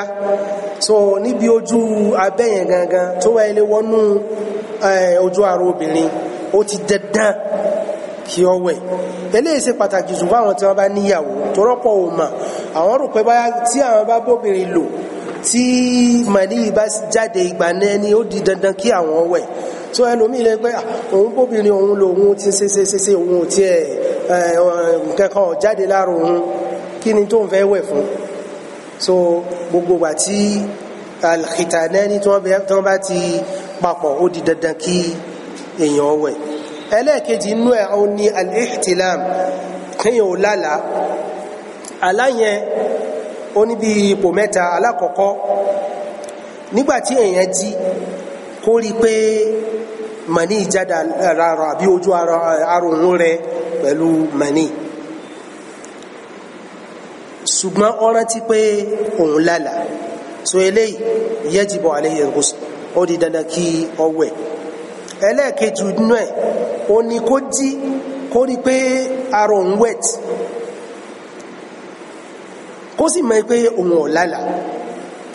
[SPEAKER 1] so níbi ojú abẹ́ yẹn gangan tó wáyé lé wọnú ojú ara obìnrin ó ti dandan kí ọ wẹ̀ eléyìí ṣe pàtàkì jù fún àwọn tí wọ́n bá níyàwó tó rọ́pọ̀ ò mà àwọn rò pé báyá tí àwọn bá bóbìnrin lò tí màní bá jáde ìgbà náà ni ó di dandan kí àwọn wẹ̀ so ẹlòmíì lè pé ah, òun bóbìnrin òun lòun ti ṣe ṣe ṣe ṣe òun ò tiẹ̀ nǹkankan ò jáde lára òun kí ni tó ń fẹ́ wẹ̀ fún so gbogbo gbà tí alkhitanani tí wọ́n bá ti papọ̀ ó di dandan kí èèyàn wẹ̀ ẹlẹ́ẹ̀kejì inú ẹ̀ ó ní al kéèyàn ò lálà aláyẹn ó ní bí ipò mẹ́ta alákọ̀ọ́kọ́ nígbàtí èèyàn jí kó rí pé mani jáde ara rọ àbí ojú ara òun rẹ pẹ̀lú mani ṣùgbọ́n ó rántí pé òun lálà so eléyìí yajibu alayhi al-ghusl ó di dandan kí ó wẹ̀ ẹlẹ́ẹ̀kejì nínú ẹ̀ ó ní kó jí kó rí pé ara wẹ̀t kó sì mọ̀ pé òun ò lálà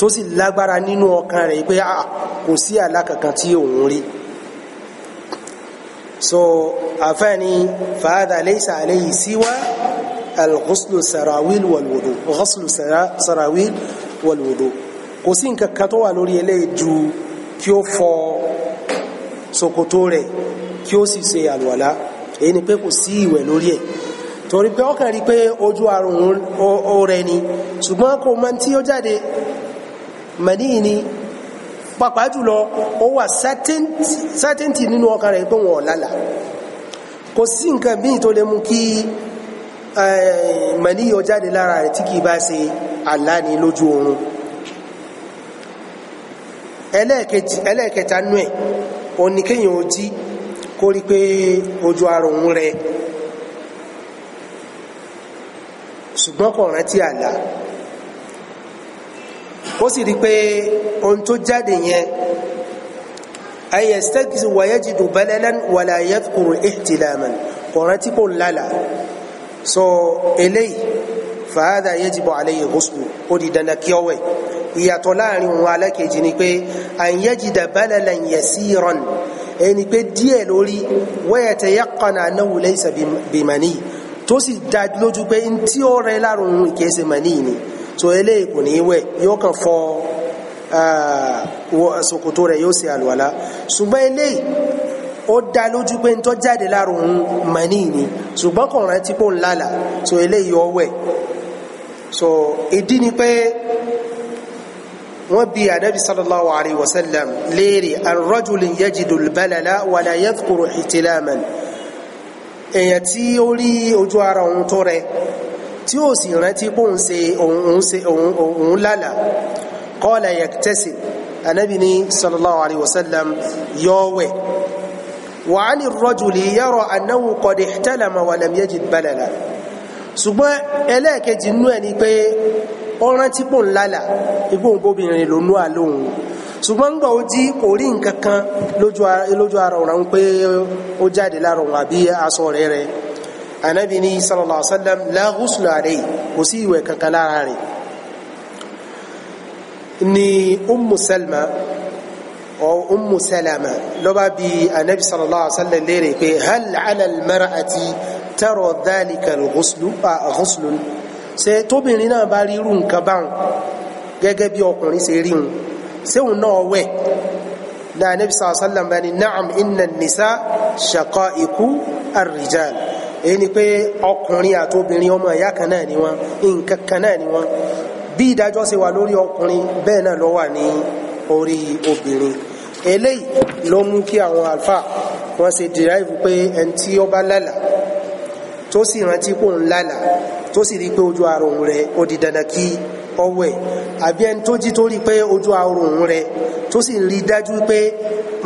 [SPEAKER 1] tó sì lágbára nínú ọkàn rẹ̀ pé a ah, kò sí àlá tí òun rí so àfẹ́ni fàádà laysa alayhi siwa al-ghuslu sarawil wal-wudu ghuslu sarawil wal-wudu kò sí nǹkan kan tó wà lórí eléyìí ju kí ó fọ ṣòkòtò rẹ̀ kí ó sì ṣe àlùwàlá èyí ni pé kò sí ìwẹ̀ lórí ẹ̀ torí pé ọkàn rí pé ojú àrùn ó rẹ ni ṣùgbọ́n kò mọ tí ó jáde mẹ́díyì ni pàpà jùlọ ó wà certainty nínú ọkàn rẹ̀ pé wọn ọ̀lálà kò sí nǹkan míì tó lè mú kí eh, mẹ́díyì ó jáde lára rẹ̀ tí kì í bá ṣe àlá ní lójú oorun ẹlẹ́ẹ̀kẹta nú ẹ̀ oníkéyàn ó jí kó rí pé ojú ara òun rẹ̀ ṣùgbọ́n kò rántí àlá ó sì rí i pé ohun tó jáde yẹn ayẹsẹkisi wàyẹjìdù balalan wàlà yẹkùrù ihtilaman kọrẹ tí kò lálà so eléyìí fàádà yajibu alayhi ghuslu ó di dandan kí ọwẹ ìyàtọ̀ láàrin òun alákejì ni pé an yajida balalan yasiran ẹni pé díẹ̀ lórí wayata yaqana annahu laysa bimani tó sì dá lójú pé ntí ó rẹ láàrin òun kìí ṣe mani ni so eléyìí kò ní wẹ̀ yóò kàn fọ ah, ṣòkòtò rẹ̀ yóò ṣe àlùwàlá ṣùgbọ́n eléyìí ó dá lójú pé ntọ́ jáde láàrùn mani ni ṣùgbọ́n kò rántí pò ń lálà so eléyìí ó wẹ̀ so ìdí ni pé wọ́n bi anabi sallallahu alayhi wa sallam léèrè arrajulin yajidul balala wala yadhkuru ihtilaman èèyàn tí ó rí ojú ara òun tó rẹ̀ tí ó sì rántí pé òun ṣe òun ṣe òun lálà qala yaktasib anabi ni sallallahu alayhi wa sallam yọ̀wẹ̀ wa 'ani ar-rajuli yara annahu qad ihtalama wa lam yajid balala ṣùgbọ́n ẹlẹ́ẹ̀kejì nú ẹ̀ ni pé ó rántí pò lálà igbó ló nú àlóhùn ṣùgbọ́n ń gbọ́ ó jí kò rí nǹkan kan lójú ara òun pé ó jáde lára òun àbí aṣọ rẹ̀ rẹ̀ anabi ni sallallahu alaihi wa sallam la ghusla alayhi kò sí ìwẹ̀ kankan lára rẹ̀ ni ummu salma ọ ummu salama lọ́ba bi anabi sallallahu alaihi wa sallam léèrè pé hal ala almar'ati tara dhalika alghuslu ghuslun ṣe tóbìnrin náà bá rí irú nǹkan báwọn gẹ́gẹ́ bí ọkùnrin ṣe rí wọn sẹ́wọ̀n náà wẹ̀ anabi sallallahu sallam bá na'am inna nisa shaqa'iku ar-rijal èyí ni pé ọkùnrin àti obìnrin ọmọ ìyá kan náà ni wọn nǹkan kan náà ni wọn bí ìdájọ́ ṣe wà lórí ọkùnrin bẹ́ẹ̀ náà ló wà ní orí obìnrin eléyìí ló mú kí àwọn alfa wọn ṣe derive pé ẹni tí ó bá lálàá tó sì rántí pò ń lálàá tó sì rí pé ojú ara òun rẹ ó di dandan kí ọwẹ àbí ẹni tó jí tó rí pé ojú àrùn rẹ tó sì rí dájú pé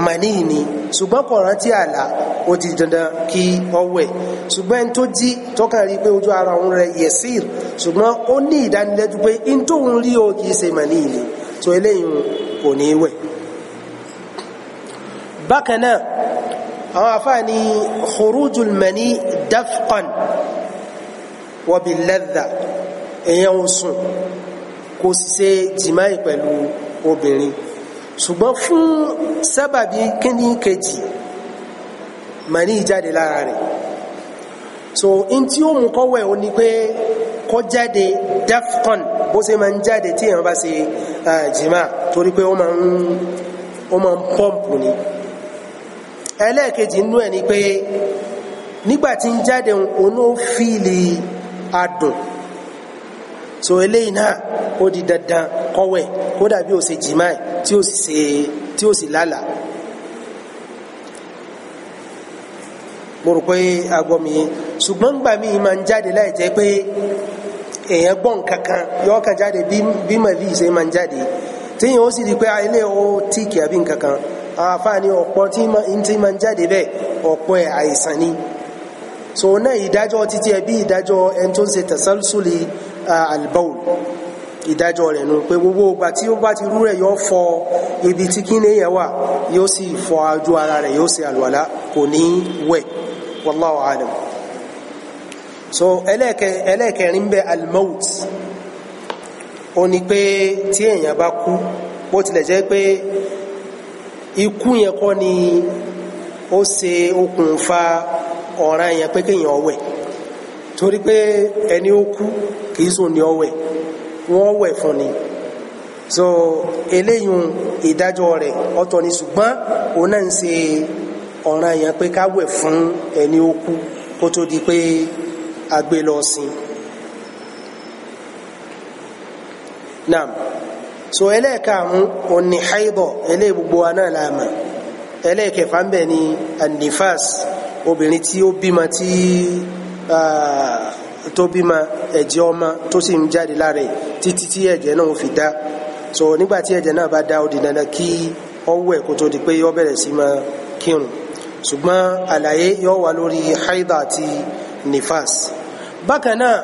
[SPEAKER 1] màní ni ṣùgbọ́n kò rántí àlá ó ti dandan kí ọwẹ̀ ṣùgbọ́n ẹni tó jí tọ́ka rí pé ojú ara òun rẹ̀ yẹ̀sìr ṣùgbọ́n ó ní ìdánilẹ́jú pé in tóun rí o kìí ṣe màní ìní tó eléyìí kò ní wẹ̀ bákan náà àwọn afáà ní khurujul mani dafqan wa bil èèyàn ò sùn kò sì ṣe jìmáì pẹ̀lú obìnrin ṣùgbọ́n fún sábàbí kíní kejì mani jáde lára rẹ̀ so in tí ó mú kọ́wẹ̀ ó ní pé kọ́ jáde defcon bó ṣe máa ń jáde tí èèyàn bá ṣe jìmá torí pé ó máa ń ó ni ẹlẹ́ẹ̀kejì nínú ẹ̀ ni pé nígbà tí ń jáde òun ó fíìlì adùn so eléyìí náà ó di dandan kọ́wẹ̀ kó dàbí ó ṣe jìmá tí ó sì lálàá mo rò pé agbọ́ mi yẹn ṣùgbọ́n gbà mí máa ń jáde láì jẹ́ pé èèyàn gbọ́n kankan yọ kan jáde bí màbí ṣe máa ń jáde tíyìn ó sì di pé ah, ilé ó tíìkì àbí nkankan àfààní ọ̀pọ̀ tí máa ń jáde bẹ́ẹ̀ ọ̀pọ̀ ẹ̀ àìsàn ni so náà ìdájọ́ títí ẹ bí ìdájọ́ ẹni tó ń ṣe tẹ̀sánṣúlì àlùbáwò ìdájọ́ rẹ̀ nù pé gbogbo ìgbà tí ó bá ti rú rẹ̀ yóò fọ ibi tí kíní yẹn wà yóò sì fọ ajú ara rẹ̀ yóò ṣe àlùwàlá kò ní wẹ̀ wallahu alam so ẹlẹ́ẹ̀kẹrin bẹ almout ó ní pé tí èèyàn bá kú bó tilẹ̀ jẹ́ pé ikú yẹn kọ́ ni ó ṣe okùnfà ọ̀ràn yẹn pé kéèyàn ọwẹ̀ torí pé ẹni ó kú kìí sùn ní ọwẹ̀ wọ́n wẹ̀ fún ni so eléyìí ìdájọ́ rẹ̀ ọ̀tọ̀ ni ṣùgbọ́n òun náà ń ṣe ọ̀ràn yẹn pé ká wẹ̀ fún ẹni ó kú kó tó di pé a gbé lọ sin naam so ẹlẹ́ẹ̀kaàrún òní haibọ̀ ẹlẹ́ gbogbo wa náà láàmà ẹlẹ́ẹ̀kẹfà ń bẹ̀ ni anifas obìnrin tí ó bímọ tí tó bímọ ẹ̀jẹ̀ ọmọ tó sì ń jáde títí tí ẹ̀jẹ̀ náà fi dá so nígbàtí ẹ̀jẹ̀ náà bá dá ó di dandan kí ó wẹ̀ tó di pé ó bẹ̀rẹ̀ sí kírun ṣùgbọ́n àlàyé yóò wà lórí haida àti nifas bákan náà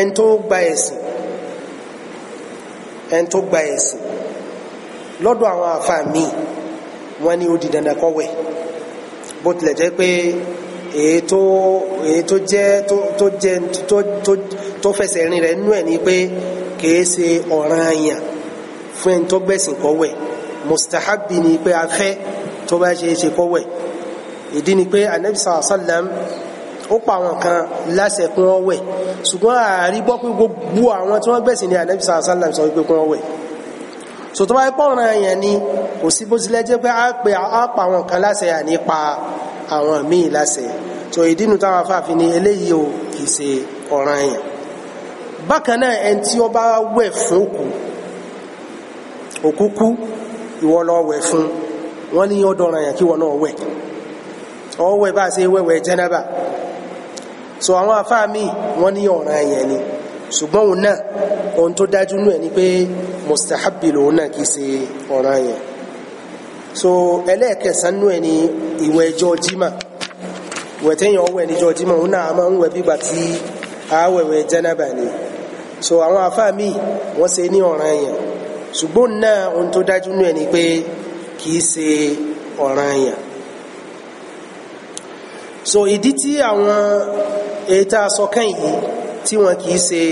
[SPEAKER 1] ẹn tó gba ẹ̀sìn ẹn tó gba ẹ̀sìn lọ́dọ̀ àwọn àfa mi wọ́n ní ó di dandan kó wẹ̀ bó tilẹ̀ jẹ́ pé èyí tó èyí tó jẹ́ tó jẹ́ tó fẹsẹ̀ rìn rẹ̀ nú ẹ̀ ni pé kìí ṣe ọ̀ràn àyàn fún ẹni tó gbẹ̀sìn kó mustahabi ni pé a tó bá ṣe é ṣe kó ìdí ni pé anabi sàlám ó pa àwọn kan láṣẹ kún ọ wẹ̀ ṣùgbọ́n ààrí gbọ́ pé gbogbo àwọn tí wọ́n gbẹ̀sìn ní anabi sàlám sọ wípé kún ọ wẹ̀ sòtò wáyé pọ́nrán èèyàn ni kò sí bó tilẹ̀ jẹ́ pé á pe á pa àwọn kan láṣẹ àní pa àwọn míì láṣẹ tó ìdí nu táwọn afáàfin ni eléyìí o kì í ṣe ọ̀ràn èèyàn bákan náà ẹni tí ó bá wẹ̀ fún òkú òkú kú ìwọ lọ wẹ̀ fún wọn ní ọdọ ọ̀ràn yẹn kí wọn náà wẹ̀ ọwẹ́ bá ṣe wẹ́wẹ́ jẹ́nàbà so àwọn afáà mi wọ́n ní ọ̀ràn ẹ̀yẹn ni ṣùgbọ́n òun náà ohun tó dájú nù ẹ̀ ni pé mustahabi lòun náà kìí ṣe ọ̀ràn ẹ̀yẹn so ẹlẹ́ẹ̀kẹsàn nù ẹ̀ ni ìwẹ̀ ẹjọ́ jimá ìwẹ̀ tẹ́yìn ọwẹ́ níjọ́ jimá òun náà máa ń wẹ̀ bígbà tí àwẹ̀wẹ̀ jẹ́nàbà ni so àwọn afáà mi wọ́n ṣe ní ọ̀ràn ẹ̀yẹn ṣùgbọ́n náà ohun tó dájú nù ẹ̀ ni pé kìí ṣe ọ̀ràn ẹ̀yẹn so ìdí tí àwọn èyí tá a sọ kẹ́yìn yìí tí wọn kì í ṣe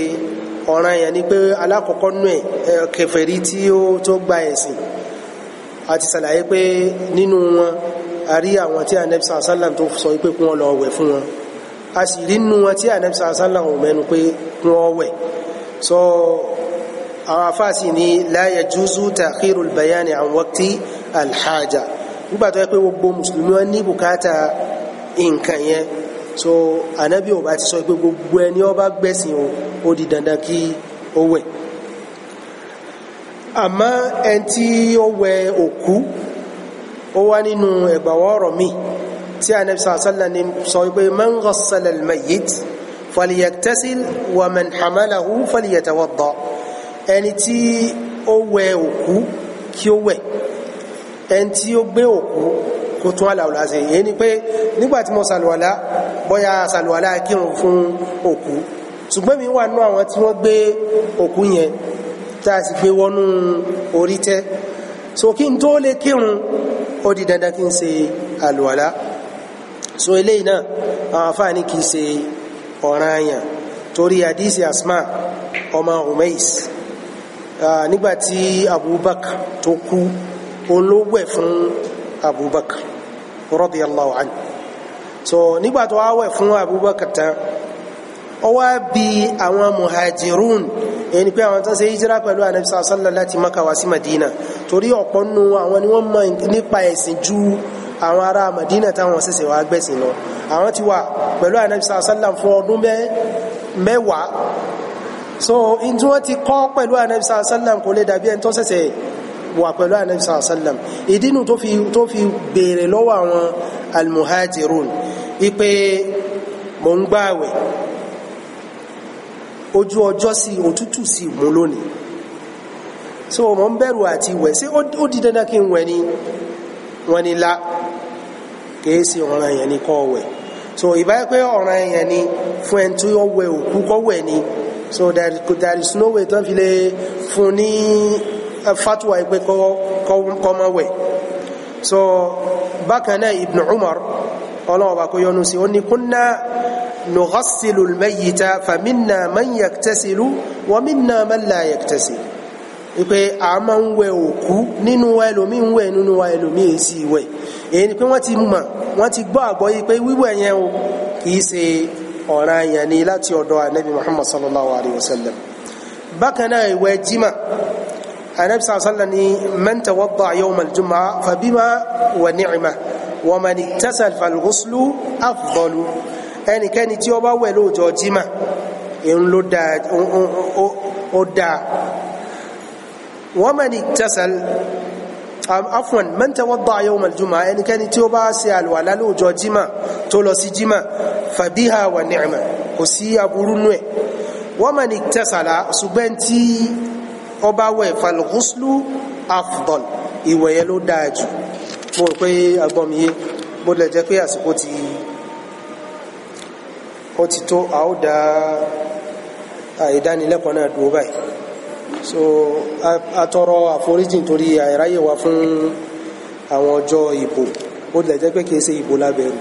[SPEAKER 1] ọ̀ràn yẹn ni pé alákọ̀ọ́kọ́ nú ẹ̀ kèfèrí tí ó tó gba ẹ̀sìn àti ṣàlàyé pé nínú wọn a rí àwọn tí anabi sàlám tó sọ pé kí wọ́n lọ wẹ̀ fún wọn a sì rí nínú wọn tí anabi sàlám ò mẹ́nu pé kí wọ́n wẹ̀ so àwọn afáàsì ni la yajuzu ta'khirul bayani an waqti alhaja nígbà tó yẹ pé gbogbo mùsùlùmí wọn ní bùkátà nǹkan yẹn so anabi ò bá ti sọ pé gbogbo ẹni ó bá gbẹ̀sìn o ó di dandan kí ó wẹ̀ àmọ́ ẹni tí ó wẹ òkú ó wá nínú ẹ̀gbàwọ́ ọ̀rọ̀ mi tí anabi sàlẹ̀ ni sọ pé man ghassala al-mayyit wa man hamalahu falyatawadda ẹni tí ó wẹ òkú kí ó wẹ̀ ẹni tí ó gbé òkú kó tún àlàwòlá ṣe èyí ni pé nígbà tí mo ṣàlùwàlá bóyá ṣàlùwàlá kírun fún òkú ṣùgbọ́n mi wà nú àwọn tí wọ́n gbé òkú yẹn tá a sì gbé wọnú orí tẹ́ so kí n tó lè kírun ó di dandan kí n ṣe àlùwàlá so eléyìí náà àwọn afáàní kì í ṣe ọ̀ràn àyàn torí àdísì asma ọmọ umais nígbàtí abubakar tó kú olówẹ̀ fún abubakar radiyallahu anhu so nígbà tó wá wẹ̀ fún Abubakar tán ó wá bi àwọn muhajirun èyí ni pé àwọn tó ṣe hijira pẹ̀lú anabi sallallahu láti maka wá sí madina torí ọ̀pọ̀ nù àwọn ni wọ́n mọ̀ nípa ẹ̀sìn ju àwọn ará madina táwọn ṣẹ̀ṣẹ̀ wá gbẹ̀sìn lọ àwọn ti wà pẹ̀lú anabi sallallahu fún ọdún mẹ́wàá so in tí wọ́n ti kọ́ pẹ̀lú anabi sallallahu kò lè dàbí ẹni tó ṣẹ̀ṣẹ̀ wà pẹ̀lú anabi sallallahu sallam ìdínú tó fi tó fi béèrè lọ́wọ́ àwọn almuhajirun ipe mò ń gbààwẹ̀ ojú ọjọ́ sí òtútù sí mú lónìí so mò ń bẹ̀rù àti wẹ̀ ṣé ó di dandan kí wẹ̀ ni wọ́n ni la kìí ṣe ọ̀ràn yẹn kọ́ wẹ̀ so ìbáyé pé ọ̀ràn yẹn ni fún ẹni tí ó wẹ̀ òkú kọ́ wẹ̀ ni so that that is no way to ń fi lè fún ní fatuwa pé kọ́mọ wẹ̀ so bákan náà ibn umar ọlọ́wọ́ bá kó yọnu sí ó ní kúnná nùgọ́sílù mẹ́yìíta fàmínà man yaktasilu wa minna man la yaktasilu wípé a máa ń wẹ òkú nínú wa ẹlòmí ń wẹ nínú wa ẹlòmí sí wẹ èyí ni pé wọ́n ti mọ̀ wọ́n ti gbọ́ àgbọ́ yìí pé wíwẹ̀ yẹn o kìí ṣe ọ̀ràn yẹn ni láti ọ̀dọ̀ anabi muhammad sallallahu alayhi wa sallam bákan náà ìwẹ̀ jimá anabi sallallahu alaihi wasallam ni man tawadda yawm al-jum'a fa bima wa ni'ma wa man ittasal fal ghuslu afdalu ẹnikẹ́ni tí ó bá wẹ̀ lọ́jọ́ jima en lo da o da wa man ittasal afwan man tawadda yawm al-jum'a ẹnikẹ́ni tí ó bá ṣe alwala lọ́jọ́ jima tó lọ sí jima fa biha wa ni'ma kò sí aburú wa man ittasala ṣùgbọ́n ọba wẹ̀ falghuslu afdal ìwẹ̀ yẹn ló dáa jù mo rò pé agbọ́mi yé bó lè jẹ́ pé àsìkò ti ó ti tó a ó dá àìdánilẹ́kọ̀ọ́ náà dúró báyìí so atọrọ àforíjì nítorí àìráyè wa fún àwọn ọjọ́ ìbò bó lè jẹ́ pé kìí ṣe ìbò lábẹ́rù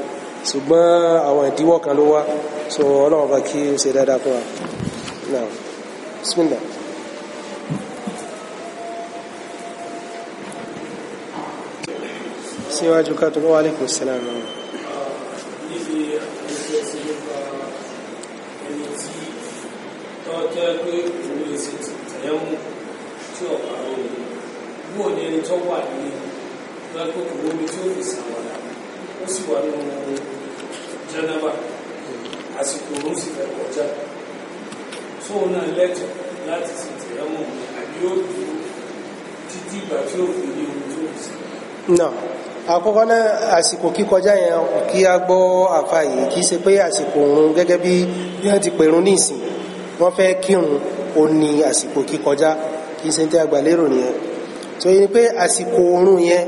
[SPEAKER 1] ṣùgbọ́n àwọn ìdíwọ́ kan ló wá so ọlọ́run bá kí ó ṣe dáadáa fún wa now bismillah. síwájú ká tó wà alaykum salam jẹ́ pé òun lè ṣe tẹ̀yẹ́mú tí ọ̀pá òun wúwo ní ẹni tó wà ní lọ́pọ̀ kò wọ́n mi tí ó fi ṣàwàdà ó sì wà nínú jẹ́nẹ́bà àsìkò òun sì fẹ́ kọjá tó òun náà lẹ́tọ̀ àkọ́kọ́ náà àsìkò kíkọjá yẹn kí a gbọ́ àfa yìí kì í ṣe pé àsìkò òun gẹ́gẹ́ bí bí wọ́n ti pèrún nísìn wọ́n fẹ́ kírun ó ní àsìkò kíkọjá kì í ṣe tí a gbà lérò nìyẹn tó yẹ pé àsìkò òun yẹn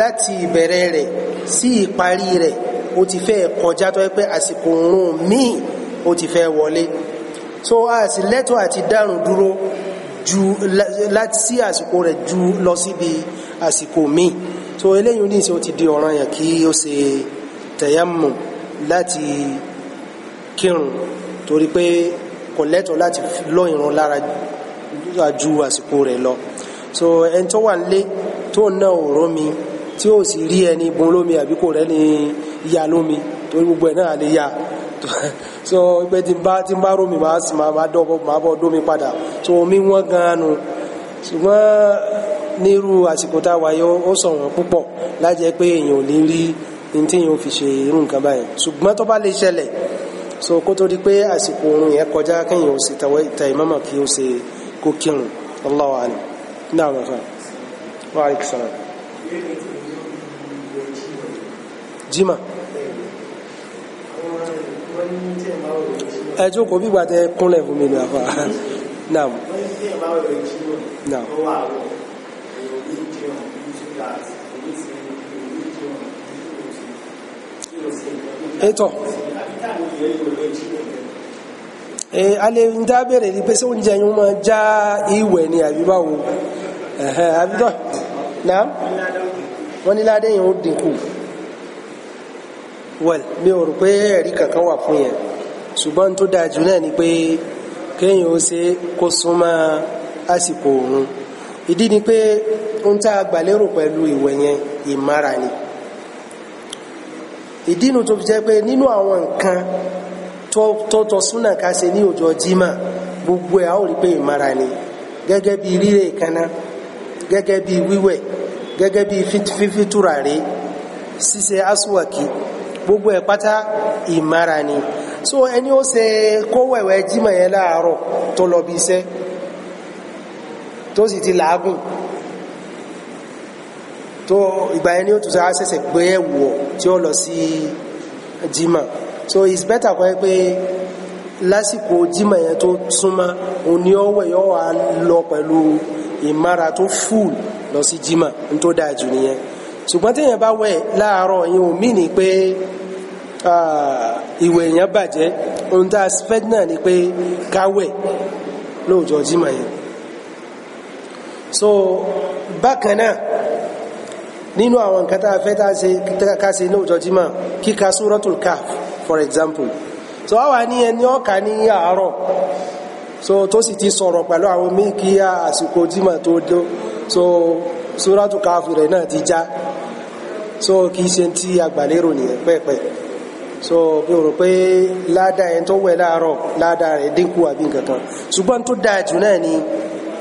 [SPEAKER 1] láti ìbẹ̀rẹ̀ rẹ̀ sí ìparí rẹ̀ ó ti fẹ́ kọjá tó yẹ pé àsìkò òun míì ó ti fẹ́ wọlé so a sì lẹ́tọ̀ọ́ àti dárùn dúró ju láti sí àsìkò rẹ̀ ju lọ síbi. Si àsìkò míì so eléyìí ní ìsìn ó ti di ọ̀ràn yẹn kí ó ṣe tayammum láti kírun torí pé kò lẹ́tọ̀ọ́ láti lọ ìrun lára ju àsìkò rẹ̀ lọ so ẹni tó wà nílé tó ná òró mi tí ó sì rí ẹni bun lómi àbí kò rẹ́ni ya lómi torí gbogbo ẹ̀ náà lè ya so pé tí n bá tí n bá rómi máa sì máa dọ́kọ̀ máa bọ́ dómi so omi wọ́n gan nu ṣùgbọ́n nírú àsìkò tá a wáyé ó sọ̀wọ́n púpọ̀ lájẹ́ pé èèyàn ò ní rí ní tí èèyàn fi ṣe irú nǹkan báyìí ṣùgbọ́n tó bá lè ṣẹlẹ̀ so kó tó di pé àsìkò oorun yẹn kọjá kéèyàn ó sì ta ìmọ̀mọ̀ kí ó ṣe kó kírun Allahu a'lam náà wọ́n fà wà á kì sọ̀rọ̀. jimá. ẹ jókòó bí gbàtẹ kúnlẹ̀ fún mi ní àfa. naam. naam. ètò e, alẹ́ ń dá bẹ̀rẹ̀ ní pé sí oúnjẹ yìí wọ́n máa já ìwẹ̀ ni àbíbáwo àbíbá náà wọ́n ní ládé yẹn ó dínkù wẹ̀l mi ò rò pé ẹ̀rí kankan wà fún yẹn ṣùgbọ́n tó dáa jù náà ni pé kéèyàn ó ṣe kó súnmọ́ àsìkò òun ìdí ni pé ohun tá a gbà pẹ̀lú ìwẹ̀ yẹn ìmára ni. ìdínú tó fi jẹ́ pé nínú àwọn nǹkan tọ́tọ́ súnà ká ṣe ní òjò jímà gbogbo ẹ̀ a ó ìmara ni gẹ́gẹ́ bí rírè ìkaná gẹ́gẹ́ bí wíwẹ̀ gẹ́gẹ́ bí fífítúra rí ṣíṣe aswaki gbogbo ẹ̀ pátá ìmara ni so ẹni ó ṣe kó wẹ̀wẹ̀ yẹn láàárọ̀ tó lọ bí iṣẹ́ tó sì ti làágùn tó ìgbà yẹn ni ó tún sọ àṣẹṣẹ gbé ẹwọ tí ó lọ sí jimá so it's better kọ́ ẹ pé lásìkò jimá yẹn tó súnmọ́ òní ọwọ́ yóò wá lọ pẹ̀lú ìmára tó fúl lọ sí jimá ní tó dáa jù nìyẹn ṣùgbọ́n téèyàn bá wẹ̀ láàárọ̀ yìí ò mí ni pé ìwẹ̀ èèyàn bàjẹ́ ohun tá a spẹ́d náà ni pé káwẹ̀ lóòjọ́ jimá yẹn so bákan náà nínú àwọn nǹkan tá a fẹ́ tá a ṣe ní ọjọ́ jímọ̀ kíka suratul Kahf for example so àwa ní ẹni ọ̀ka ní àárọ̀ so tó sì ti sọ̀rọ̀ pẹ̀lú àwọn míì kí àsìkò jímọ̀ tó dó so suratul Kahf rẹ̀ náà ti já so kì í ṣe ti agbàlérò nìyẹn pẹ́ẹ̀pẹ́ so bí o rò pé ládàá ẹni tó wẹ̀ láàárọ̀ ládàá rẹ̀ dínkù àbí nǹkan kan ṣùgbọ́n tó dáa jù náà ni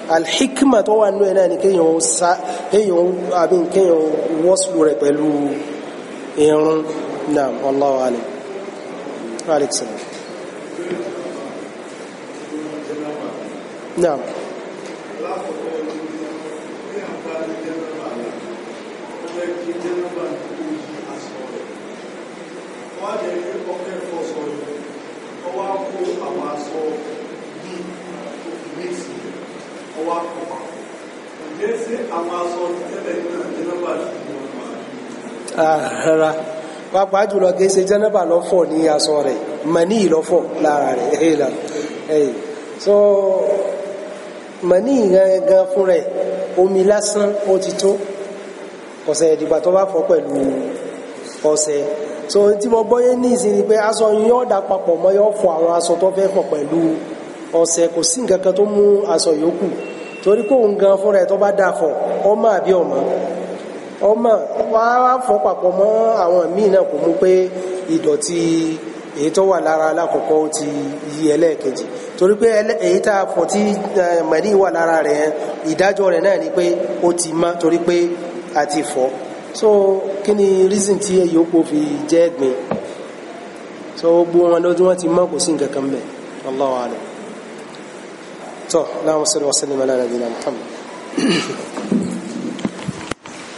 [SPEAKER 1] alhikima tó wà nínú ẹ̀ náà ni kéèyàn sa kéèyàn àbí kéèyàn wọ́sùlù rẹ̀ pẹ̀lú irun náà wallahu alim alexa náà. Wọ́n á jẹ́ pé ọkẹ́ fọ́ sọ̀rọ̀, ọwọ́ á kó àwọn aṣọ wa kọ wa ǹjẹ́ ṣé àwọn aṣọ tẹ́lẹ̀ náà jẹ́nàbà ti di wọn mọ́. rárá pàápàá jùlọ kì í ṣe jẹ́nàbà lọ́fọ̀ ní aṣọ rẹ̀ mani lọ́fọ̀ lára rẹ̀ ẹ̀yìnlá eh, eh, ẹ̀yìn eh, so mani gangan fún rẹ̀ omi lásán ó ti tó ọ̀sẹ̀ ìdìgbà tó bá fọ̀ pẹ̀lú ọ̀sẹ̀ so tí mo gbọ́yé ní ìsinmi pé aṣọ yóò dà papọ̀ mọ́ yóò fọ̀ àwọn aṣọ tó fẹ́ pọ̀ pẹ̀lú ọ̀sẹ̀ kò sí nǹkan kan tó mú aṣọ yòókù torí kó ń gan fúnra ẹ̀ tó bá dà fọ̀ ọmọ àbí ọmọ ọmọ wàá fọ̀ papọ̀ mọ́ àwọn míì náà kò mú pé ìdọ̀tí èyí tó wà lára alákọ̀ọ́kọ́ ti yí ẹlẹ́ẹ̀kejì torí pé èyí tá a fọ̀ tí mẹ̀rí wà lára rẹ̀ ìdájọ́ rẹ̀ náà ni pé ó ti má torí pé a ti fọ̀ so kí ni reason tí èyí ó kó fi jẹ́ ẹ̀gbin so gbogbo wọn lójú wọn ti má kò sí nǹkan kan mẹ́ Allahu alam. صح اللهم صل وسلم على نبينا محمد